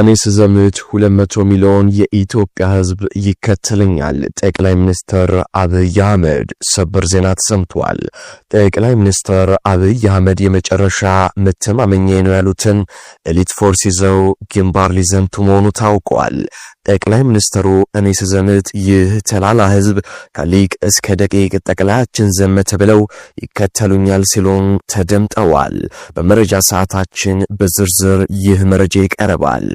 እኔ ስዘምት 200 ሚሊዮን የኢትዮጵያ ሕዝብ ይከተለኛል። ጠቅላይ ሚኒስትር አብይ አህመድ ሰበር ዜና ተሰምቷል። ጠቅላይ ሚኒስትር አብይ አህመድ የመጨረሻ መተማመኛ ነው ያሉትን ኤሊት ፎርስ ይዘው ግንባር ሊዘምቱ መሆኑ ታውቋል። ጠቅላይ ሚኒስትሩ እኔ ስዘምት ይህ ተላላ ሕዝብ ከሊቅ እስከ ደቂቅ ጠቅላያችን ዘመተ ብለው ይከተሉኛል ሲሉም ተደምጠዋል። በመረጃ ሰዓታችን በዝርዝር ይህ መረጃ ይቀርባል።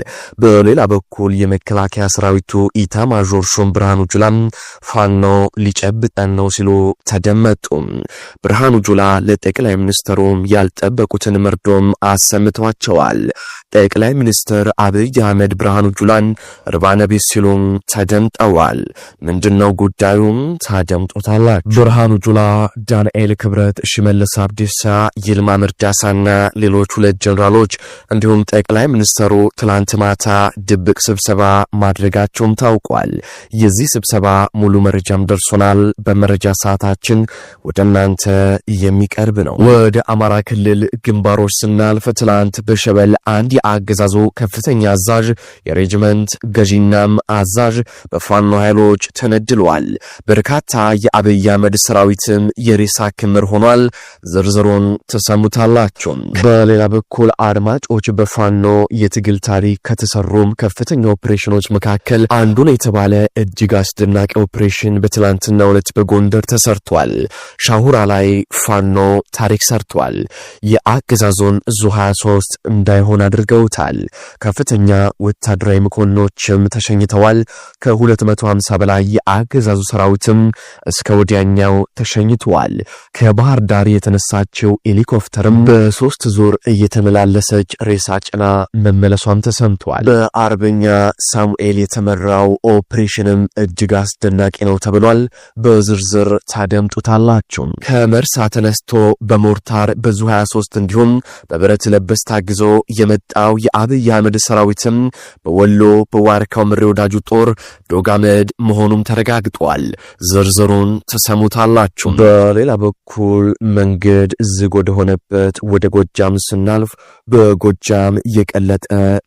በሌላ በኩል የመከላከያ ሰራዊቱ ኢታማዦር ሹም ብርሃኑ ጁላም ፋኖ ሊጨብጠን ነው ሲሉ ተደመጡ። ብርሃኑ ጁላ ለጠቅላይ ሚኒስትሩ ያልጠበቁትን መርዶም አሰምተዋቸዋል። ጠቅላይ ሚኒስትር አብይ አህመድ ብርሃኑ ጁላን እርባነቢስ ሲሉም ተደምጠዋል። ምንድነው ጉዳዩም ታደምጦታላችሁ። ብርሃኑ ጁላ ዳንኤል ክብረት፣ ሽመልስ አብዲሳ፣ ይልማ መርዳሳና ሌሎች ሁለት ጀኔራሎች እንዲሁም ጠቅላይ ሚኒስትሩ ትላንት ትናንት ማታ ድብቅ ስብሰባ ማድረጋቸውም ታውቋል። የዚህ ስብሰባ ሙሉ መረጃም ደርሶናል። በመረጃ ሰዓታችን ወደ እናንተ የሚቀርብ ነው። ወደ አማራ ክልል ግንባሮች ስናልፍ ትናንት በሸበል አንድ የአገዛዙ ከፍተኛ አዛዥ የሬጅመንት ገዢናም አዛዥ በፋኖ ኃይሎች ተነድሏል። በርካታ የአብይ አህመድ ሰራዊትም የሬሳ ክምር ሆኗል። ዝርዝሩን ተሰሙታላቸው። በሌላ በኩል አድማጮች በፋኖ የትግል ታሪክ ከተሰሩም ከፍተኛ ኦፕሬሽኖች መካከል አንዱ ነው የተባለ እጅግ አስደናቂ ኦፕሬሽን በትላንትና ዕለት በጎንደር ተሰርቷል። ሻሁራ ላይ ፋኖ ታሪክ ሰርቷል። የአገዛዞን እዙ 23 እንዳይሆን አድርገውታል። ከፍተኛ ወታደራዊ መኮንኖችም ተሸኝተዋል። ከ250 በላይ የአገዛዙ ሰራዊትም እስከ ወዲያኛው ተሸኝተዋል። ከባህር ዳር የተነሳችው ሄሊኮፕተርም በሶስት ዙር እየተመላለሰች ሬሳ ጭና መመለሷም ተሰምቷል። ተሰምተዋል። በአርበኛ ሳሙኤል የተመራው ኦፕሬሽንም እጅግ አስደናቂ ነው ተብሏል። በዝርዝር ታደምጡታላችሁ። ከመርሳ ተነስቶ በሞርታር በዙ 23 እንዲሁም በብረት ለበስ ታግዞ የመጣው የአብይ አህመድ ሰራዊትም በወሎ በዋርካው ምሬ ወዳጁ ጦር ዶጋመድ መሆኑም ተረጋግጧል። ዝርዝሩን ትሰሙታላችሁ። በሌላ በኩል መንገድ ዝግ ወደሆነበት ወደ ጎጃም ስናልፍ በጎጃም የቀለጠ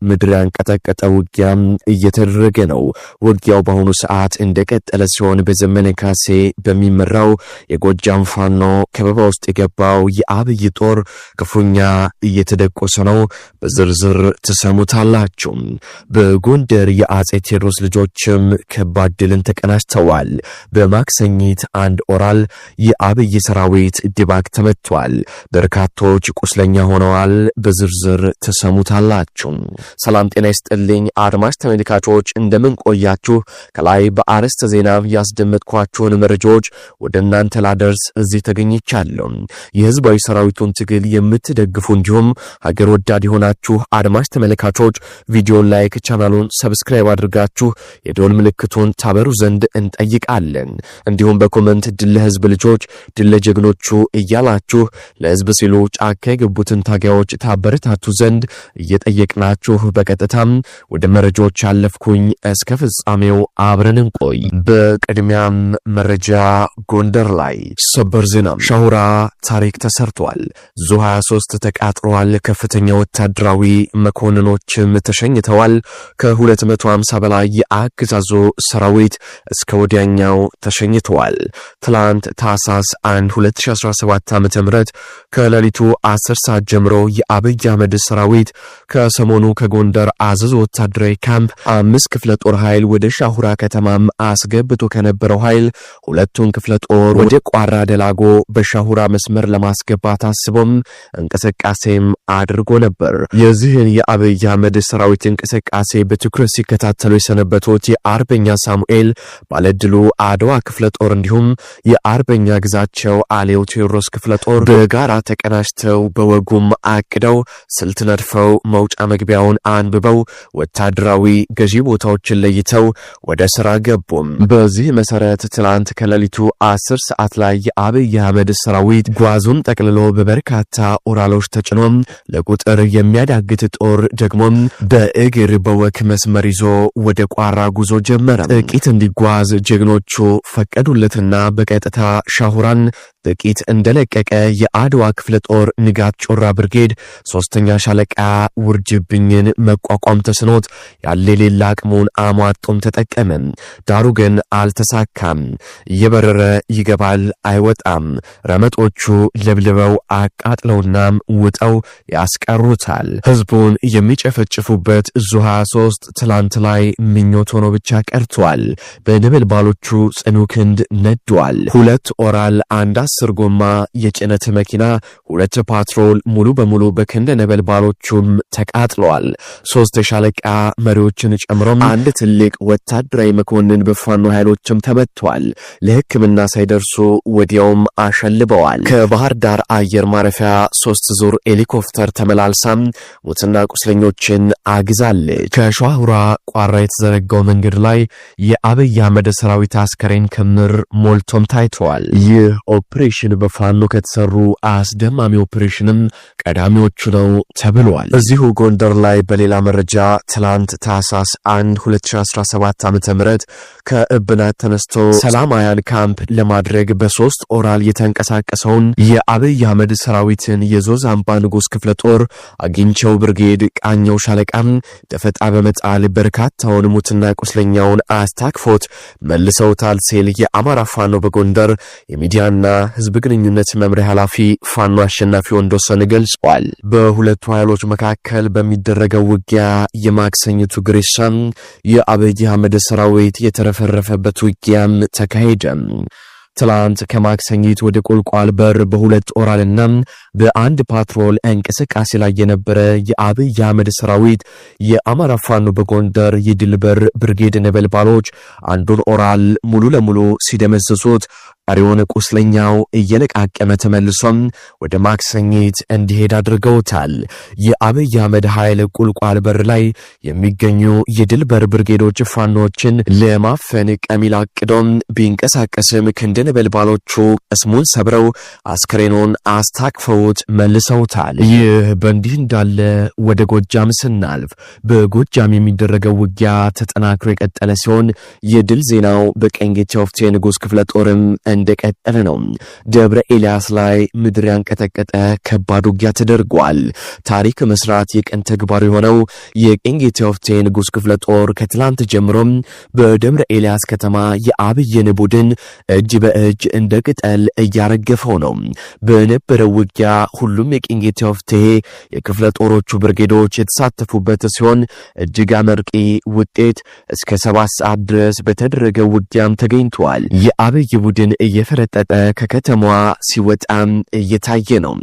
ምድር ያንቀጠቀጠ ውጊያም እየተደረገ ነው። ውጊያው በአሁኑ ሰዓት እንደቀጠለ ሲሆን በዘመነ ካሴ በሚመራው የጎጃም ፋኖ ከበባ ውስጥ የገባው የአብይ ጦር ክፉኛ እየተደቆሰ ነው። በዝርዝር ትሰሙታላችሁ። በጎንደር የአጼ ቴዎድሮስ ልጆችም ከባድ ድልን ተቀናጅተዋል። በማክሰኝት አንድ ኦራል የአብይ ሰራዊት ድባቅ ተመቷል። በርካቶች ቁስለኛ ሆነዋል። በዝርዝር ትሰሙታላችሁ። ሰላም ሰላም ጤና ይስጥልኝ አድማጭ ተመልካቾች እንደምን ቆያችሁ ከላይ በአርዕስተ ዜና ያስደመጥኳችሁን መረጃዎች ወደ እናንተ ላደርስ እዚህ ተገኝቻለሁ። የህዝባዊ ሰራዊቱን ትግል የምትደግፉ እንዲሁም ሀገር ወዳድ የሆናችሁ አድማጭ ተመልካቾች ቪዲዮን ላይክ፣ ቻናሉን ሰብስክራይብ አድርጋችሁ የደወል ምልክቱን ታበሩ ዘንድ እንጠይቃለን። እንዲሁም በኮመንት ድለ ህዝብ ልጆች ድለ ጀግኖቹ እያላችሁ ለህዝብ ሲሉ ጫካ የገቡትን ታጋዮች ታበረታቱ ዘንድ እየጠየቅናችሁ በቀ በቀጥታም ወደ መረጃዎች ያለፍኩኝ። እስከ ፍጻሜው አብረን እንቆይ። በቅድሚያም መረጃ ጎንደር ላይ ሰበር ዜና፣ ሻውራ ታሪክ ተሰርቷል። ዙ 23 ተቃጥሯል። ከፍተኛ ወታደራዊ መኮንኖችም ተሸኝተዋል። ከ250 በላይ የአገዛዙ ሰራዊት እስከ ወዲያኛው ተሸኝተዋል። ትላንት ታህሳስ 1 2017 ዓ ም ከሌሊቱ 10 ሰዓት ጀምሮ የአብይ አህመድ ሰራዊት ከሰሞኑ ከጎንደር ጀነራል አዘዝ ወታደራዊ ካምፕ አምስት ክፍለ ጦር ኃይል ወደ ሻሁራ ከተማም አስገብቶ ከነበረው ኃይል ሁለቱን ክፍለ ጦር ወደ ቋራ ደላጎ በሻሁራ መስመር ለማስገባት አስቦም እንቅስቃሴም አድርጎ ነበር። የዚህን የአብይ አህመድ ሰራዊት እንቅስቃሴ በትኩረት ሲከታተሉ የሰነበቱት የአርበኛ ሳሙኤል ባለድሉ አድዋ ክፍለ ጦር እንዲሁም የአርበኛ ግዛቸው አሌው ቴዎድሮስ ክፍለ ጦር በጋራ ተቀናጅተው በወጉም አቅደው ስልት ነድፈው መውጫ መግቢያውን አንብበው ወታደራዊ ገዢ ቦታዎችን ለይተው ወደ ስራ ገቡም። በዚህ መሰረት ትላንት ከሌሊቱ አስር ሰዓት ላይ የአብይ አህመድ ሰራዊት ጓዙን ጠቅልሎ በበርካታ ኦራሎች ተጭኖም ለቁጥር የሚያዳግት ጦር ደግሞም በእግር በወክ መስመር ይዞ ወደ ቋራ ጉዞ ጀመረ። ጥቂት እንዲጓዝ ጀግኖቹ ፈቀዱለትና በቀጥታ ሻሁራን ጥቂት እንደለቀቀ የአድዋ ክፍለ ጦር ንጋት ጮራ ብርጌድ ሶስተኛ ሻለቃ ውርጅብኝን መቋቋም ተስኖት ያለ የሌላ አቅሙን አሟጦም ተጠቀመ። ዳሩ ግን አልተሳካም። እየበረረ ይገባል አይወጣም። ረመጦቹ ለብልበው አቃጥለውናም ውጠው ያስቀሩታል። ህዝቡን የሚጨፈጭፉበት ዙሃ ሶስት ትላንት ላይ ምኞት ሆኖ ብቻ ቀርቷል። በነበልባሎቹ ጽኑ ክንድ ነዷል። ሁለት ኦራል አንዳስ አስር ጎማ የጭነት መኪና፣ ሁለት ፓትሮል ሙሉ በሙሉ በክንደ ነበልባሎቹም ተቃጥለዋል። ሶስት የሻለቃ መሪዎችን ጨምሮም አንድ ትልቅ ወታደራዊ መኮንን በፋኖ ኃይሎችም ተመቷል። ለሕክምና ሳይደርሱ ወዲያውም አሸልበዋል። ከባህር ዳር አየር ማረፊያ ሶስት ዙር ሄሊኮፕተር ተመላልሳም ሙትና ቁስለኞችን አግዛለች። ከሸዋሁራ ቋራ የተዘረጋው መንገድ ላይ የአብይ አህመድ ሰራዊት አስከሬን ክምር ሞልቶም ታይተዋል። ይህ ኦፕሬ ኦፕሬሽን በፋኖ ከተሰሩ አስደማሚ ኦፕሬሽንም ቀዳሚዎቹ ነው ተብሏል። እዚሁ ጎንደር ላይ በሌላ መረጃ ትላንት ታህሳስ 1 2017 ዓ ም ከእብናት ተነስቶ ሰላማያን ካምፕ ለማድረግ በሶስት ኦራል የተንቀሳቀሰውን የአብይ አህመድ ሰራዊትን የዞዝ አምባ ንጉሥ ክፍለ ጦር አግኝቸው ብርጌድ ቃኘው ሻለቃም ደፈጣ በመጣል በርካታውን ሙትና ቁስለኛውን አስታክፎት መልሰውታል ሲል የአማራ ፋኖ በጎንደር የሚዲያና ህዝብ ግንኙነት መምሪያ ኃላፊ ፋኖ አሸናፊ ወንዶሰን ገልጿል። በሁለቱ ኃይሎች መካከል በሚደረገው ውጊያ የማክሰኝቱ ግሬሻም የአብይ አህመድ ሰራዊት የተረፈረፈበት ውጊያም ተካሄደ። ትላንት ከማክሰኝት ወደ ቁልቋል በር በሁለት ኦራልና በአንድ ፓትሮል እንቅስቃሴ ላይ የነበረ የአብይ አህመድ ሰራዊት የአማራ ፋኖ በጎንደር የድልበር ብርጌድ ነበልባሎች አንዱን ኦራል ሙሉ ለሙሉ ሲደመስሱት። ቀሪውን ቁስለኛው እየለቃቀመ ተመልሶም ወደ ማክሰኝት እንዲሄድ አድርገውታል። የአብይ አህመድ ኃይል ቁልቋል በር ላይ የሚገኙ የድል በር ብርጌዶች ፋኖችን ለማፈን ቀሚል አቅዶም ቢንቀሳቀስም ክንድነበልባሎቹ ቅስሙን ሰብረው አስክሬኑን አስታቅፈውት መልሰውታል። ይህ በእንዲህ እንዳለ ወደ ጎጃም ስናልፍ በጎጃም የሚደረገው ውጊያ ተጠናክሮ የቀጠለ ሲሆን የድል ዜናው በቀኝ ጌታ ወፍቴ ንጉሥ ክፍለ ጦርም እንደቀጠለ ነው። ደብረ ኤልያስ ላይ ምድር ያንቀጠቀጠ ከባድ ውጊያ ተደርጓል። ታሪክ መስራት የቀን ተግባሩ የሆነው የቅኝ ቴዎፍቴ ንጉሥ ክፍለ ጦር ከትላንት ጀምሮም በደብረ ኤልያስ ከተማ የአብይን ቡድን እጅ በእጅ እንደ ቅጠል እያረገፈው ነው። በነበረው ውጊያ ሁሉም የቅኝ ቴዎፍቴ የክፍለ ጦሮቹ ብርጌዶች የተሳተፉበት ሲሆን እጅግ አመርቂ ውጤት እስከ ሰባት ሰዓት ድረስ በተደረገ ውጊያም ተገኝተዋል። የአብይ ቡድን እየፈረጠጠ ከከተማዋ ሲወጣም እየታየ ነው።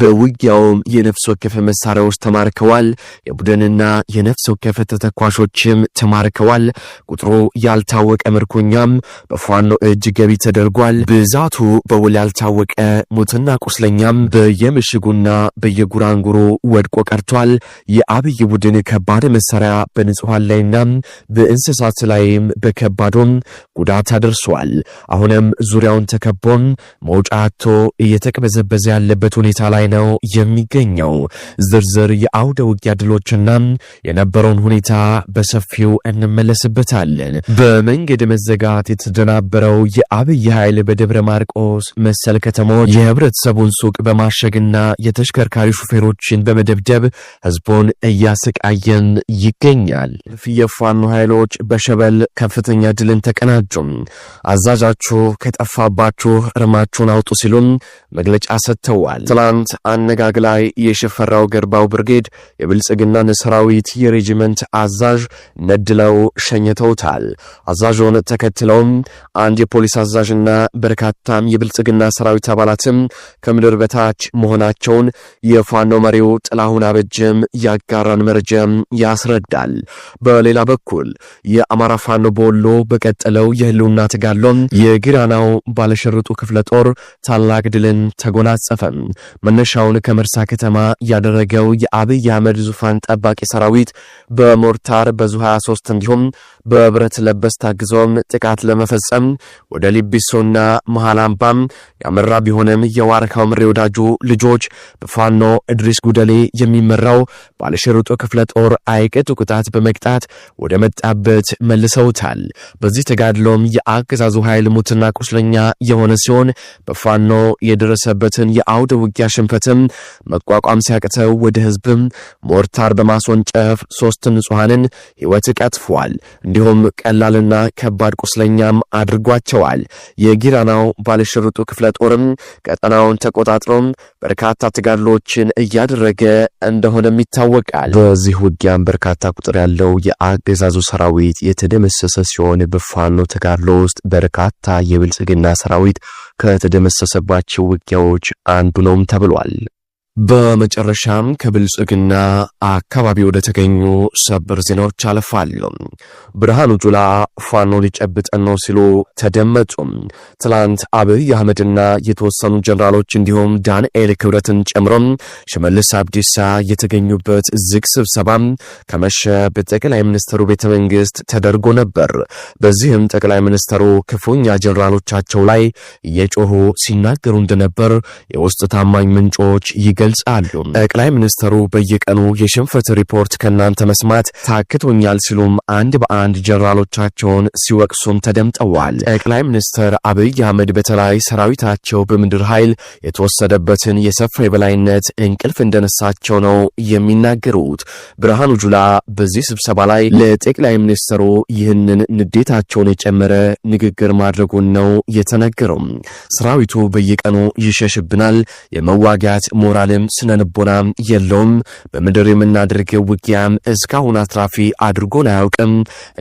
በውጊያውም የነፍስ ወከፍ መሳሪያዎች ተማርከዋል። የቡድንና የነፍስ ወከፍ ተተኳሾችም ተማርከዋል። ቁጥሩ ያልታወቀ ምርኮኛም በፋኖ እጅ ገቢ ተደርጓል። ብዛቱ በውል ያልታወቀ ሞትና ቁስለኛም በየምሽጉና በየጉራንጉሩ ወድቆ ቀርቷል። የአብይ ቡድን ከባድ መሳሪያ በንጹሐን ላይና በእንስሳት ላይም በከባዶም ጉዳት አድርሷል። አሁንም ዙሪያ ብቻውን ተከቦም መውጫ አቶ እየተቅበዘበዘ ያለበት ሁኔታ ላይ ነው የሚገኘው። ዝርዝር የአውደ ውጊያ ድሎችና የነበረውን ሁኔታ በሰፊው እንመለስበታለን። በመንገድ መዘጋት የተደናበረው የአብይ ኃይል በደብረ ማርቆስ መሰል ከተሞች የህብረተሰቡን ሱቅ በማሸግና የተሽከርካሪ ሹፌሮችን በመደብደብ ህዝቡን እያሰቃየን ይገኛል። የፋኖ ኃይሎች በሸበል ከፍተኛ ድልን ተቀናጁም። አዛዣችሁ ከጠፋ ጠፋባችሁ እርማችሁን አውጡ ሲሉም መግለጫ ሰጥተዋል። ትላንት አነጋግ ላይ የሽፈራው ገርባው ብርጌድ የብልጽግናን ሰራዊት የሬጂመንት አዛዥ ነድለው ሸኝተውታል። አዛዡን ተከትለውም አንድ የፖሊስ አዛዥና በርካታም የብልጽግና ሰራዊት አባላትም ከምድር በታች መሆናቸውን የፋኖ መሪው ጥላሁን አበጅም ያጋራን መረጃም ያስረዳል። በሌላ በኩል የአማራ ፋኖ በወሎ በቀጠለው የህልውና ትጋሎም የጊራናው ባለሸርጡ ክፍለ ጦር ታላቅ ድልን ተጎናጸፈ። መነሻውን ከመርሳ ከተማ ያደረገው የአብይ አህመድ ዙፋን ጠባቂ ሰራዊት በሞርታር በዙ 23 እንዲሁም በብረት ለበስ ታግዞም ጥቃት ለመፈጸም ወደ ሊቢሶና መሃል አምባም ያመራ ቢሆንም የዋርካው ምሬ ወዳጁ ልጆች በፋኖ እድሪስ ጉደሌ የሚመራው ባለሽርጡ ክፍለ ጦር አይቅጥ ቁጣት በመቅጣት ወደ መጣበት መልሰውታል። በዚህ ተጋድሎም የአገዛዙ ኃይል ሙትና ቁስለኛ ከፍተኛ የሆነ ሲሆን በፋኖ የደረሰበትን የአውደ ውጊያ ሽንፈትም መቋቋም ሲያቅተው ወደ ህዝብም ሞርታር በማስወንጨፍ ሶስት ንጹሐንን ህይወት ቀጥፏል። እንዲሁም ቀላልና ከባድ ቁስለኛም አድርጓቸዋል። የጊራናው ባለሽርጡ ክፍለ ጦርም ቀጠናውን ተቆጣጥሮም በርካታ ተጋድሎችን እያደረገ እንደሆነም ይታወቃል። በዚህ ውጊያም በርካታ ቁጥር ያለው የአገዛዙ ሰራዊት የተደመሰሰ ሲሆን በፋኖ ተጋድሎ ውስጥ በርካታ የብልጽግና ሰራዊት ከተደመሰሰባቸው ውጊያዎች አንዱ ነውም ተብሏል። በመጨረሻም ከብልጽግና አካባቢ ወደ ተገኙ ሰብር ዜናዎች አልፋሉ ብርሃኑ ጁላ ፋኖ ሊጨብጠን ነው ሲሉ ተደመጡ። ትላንት አብይ አህመድና የተወሰኑ ጀኔራሎች እንዲሁም ዳንኤል ክብረትን ጨምሮ ሽመልስ አብዲሳ የተገኙበት ዝግ ስብሰባ ከመሸ በጠቅላይ ሚኒስትሩ ቤተ መንግስት ተደርጎ ነበር። በዚህም ጠቅላይ ሚኒስትሩ ክፉኛ ጀኔራሎቻቸው ላይ እየጮሁ ሲናገሩ እንደነበር የውስጥ ታማኝ ምንጮች ይገ ይገልጻሉ። ጠቅላይ ሚኒስትሩ በየቀኑ የሽንፈት ሪፖርት ከእናንተ መስማት ታክቶኛል ሲሉም አንድ በአንድ ጀነራሎቻቸውን ሲወቅሱም ተደምጠዋል። ጠቅላይ ሚኒስትር አብይ አህመድ በተለይ ሰራዊታቸው በምድር ኃይል የተወሰደበትን የሰፋ የበላይነት እንቅልፍ እንደነሳቸው ነው የሚናገሩት። ብርሃኑ ጁላ በዚህ ስብሰባ ላይ ለጠቅላይ ሚኒስትሩ ይህንን ንዴታቸውን የጨመረ ንግግር ማድረጉን ነው የተነገረው። ሰራዊቱ በየቀኑ ይሸሽብናል፣ የመዋጋት ሞራል የሚባልም ስነልቦና የለውም። በምድር የምናደርገው ውጊያም እስካሁን አትራፊ አድርጎን አያውቅም።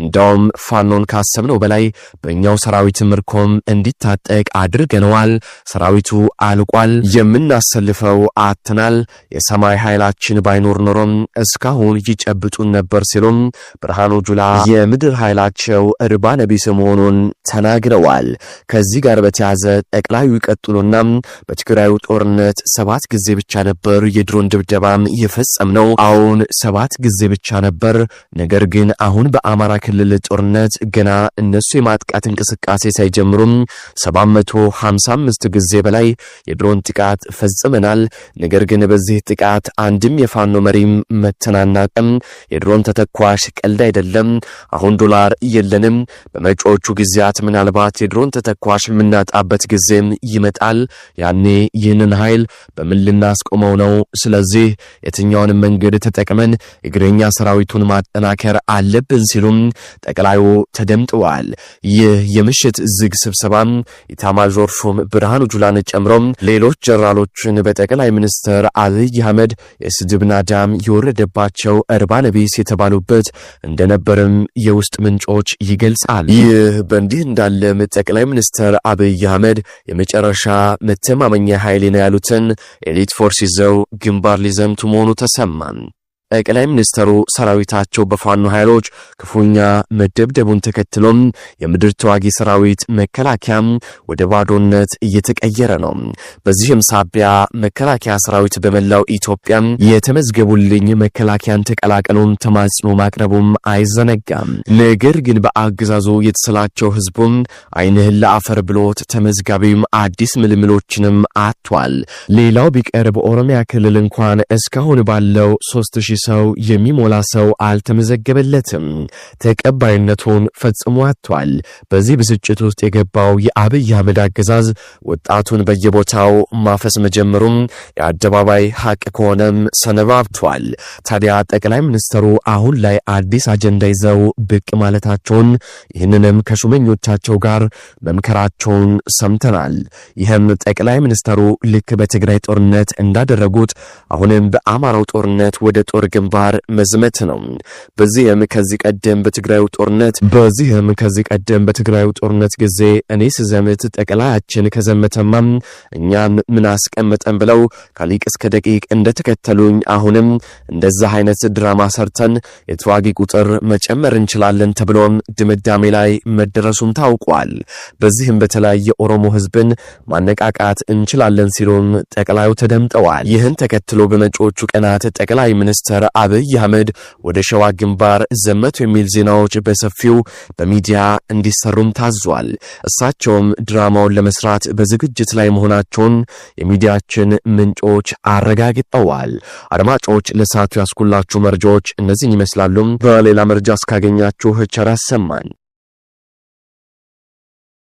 እንዳውም ፋኖን ካሰብነው በላይ በእኛው ሰራዊት ምርኮም እንዲታጠቅ አድርገነዋል። ሰራዊቱ አልቋል። የምናሰልፈው አትናል። የሰማይ ኃይላችን ባይኖር ኖሮም እስካሁን ይጨብጡን ነበር ሲሉም ብርሃኑ ጁላ የምድር ኃይላቸው እርባ ነቢስ መሆኑን ተናግረዋል። ከዚህ ጋር በተያዘ ጠቅላዩ ይቀጥሉና በትግራዩ ጦርነት ሰባት ጊዜ ብቻ ነበር የድሮን ድብደባም የፈጸም ነው። አሁን ሰባት ጊዜ ብቻ ነበር። ነገር ግን አሁን በአማራ ክልል ጦርነት ገና እነሱ የማጥቃት እንቅስቃሴ ሳይጀምሩም 755 ጊዜ በላይ የድሮን ጥቃት ፈጽመናል። ነገር ግን በዚህ ጥቃት አንድም የፋኖ መሪም መተናናቅም የድሮን ተተኳሽ ቀልድ አይደለም። አሁን ዶላር የለንም። በመጪዎቹ ጊዜያት ምናልባት የድሮን ተተኳሽ የምናጣበት ጊዜም ይመጣል። ያኔ ይህንን ኃይል በምን ልናስቆ እየጠቆመው ነው። ስለዚህ የትኛውን መንገድ ተጠቅመን እግረኛ ሰራዊቱን ማጠናከር አለብን ሲሉም ጠቅላዩ ተደምጠዋል። ይህ የምሽት ዝግ ስብሰባም ኢታማዦር ሹም ብርሃኑ ጁላን ጨምሮም ሌሎች ጀነራሎችን በጠቅላይ ሚኒስትር አብይ አህመድ የስድብ ናዳም የወረደባቸው እርባ የተባሉበት እንደነበርም የውስጥ ምንጮች ይገልጻል። ይህ በእንዲህ እንዳለም ጠቅላይ ሚኒስትር አብይ አህመድ የመጨረሻ መተማመኛ ኃይሌ ነው ያሉትን ኤሊት ፎርስ ይዘው ግንባር ሊዘምቱ መሆኑ ተሰማን። ጠቅላይ ሚኒስተሩ ሰራዊታቸው በፋኖ ኃይሎች ክፉኛ መደብደቡን ተከትሎም የምድር ተዋጊ ሰራዊት መከላከያም ወደ ባዶነት እየተቀየረ ነው። በዚህም ሳቢያ መከላከያ ሰራዊት በመላው ኢትዮጵያ የተመዝገቡልኝ መከላከያን ተቀላቀሉን ተማጽኖ ማቅረቡም አይዘነጋም። ነገር ግን በአገዛዙ የተሰላቸው ህዝቡም አይንህን ለአፈር ብሎት ተመዝጋቢም አዲስ ምልምሎችንም አጥቷል። ሌላው ቢቀር በኦሮሚያ ክልል እንኳን እስካሁን ባለው 3 ሰው የሚሞላ ሰው አልተመዘገበለትም። ተቀባይነቱን ፈጽሞ አጥቷል። በዚህ ብስጭት ውስጥ የገባው የአብይ አህመድ አገዛዝ ወጣቱን በየቦታው ማፈስ መጀመሩም የአደባባይ ሀቅ ከሆነም ሰነባብቷል። ታዲያ ጠቅላይ ሚኒስትሩ አሁን ላይ አዲስ አጀንዳ ይዘው ብቅ ማለታቸውን ይህንንም ከሹመኞቻቸው ጋር መምከራቸውን ሰምተናል። ይህም ጠቅላይ ሚኒስትሩ ልክ በትግራይ ጦርነት እንዳደረጉት አሁንም በአማራው ጦርነት ወደ ጦር ግንባር መዝመት ነው። በዚህም ከዚህ ቀደም በትግራዩ ጦርነት በዚህም ከዚህ ቀደም በትግራዩ ጦርነት ጊዜ እኔ ስዘምት ጠቅላያችን ከዘመተማ እኛም ምን አስቀመጠን ብለው ከሊቅ እስከ ደቂቅ እንደተከተሉኝ አሁንም እንደዛ አይነት ድራማ ሰርተን የተዋጊ ቁጥር መጨመር እንችላለን ተብሎም ድምዳሜ ላይ መደረሱም ታውቋል። በዚህም በተለያየ ኦሮሞ ህዝብን ማነቃቃት እንችላለን ሲሉም ጠቅላዩ ተደምጠዋል። ይህን ተከትሎ በመጪዎቹ ቀናት ጠቅላይ ሚኒስትር ዶክተር አብይ አህመድ ወደ ሸዋ ግንባር ዘመቱ የሚል ዜናዎች በሰፊው በሚዲያ እንዲሰሩም ታዟል። እሳቸውም ድራማውን ለመስራት በዝግጅት ላይ መሆናቸውን የሚዲያችን ምንጮች አረጋግጠዋል። አድማጮች ለሰዓቱ ያስኩላችሁ መረጃዎች እነዚህን ይመስላሉም። በሌላ መረጃ እስካገኛችሁ ቸር አሰማን።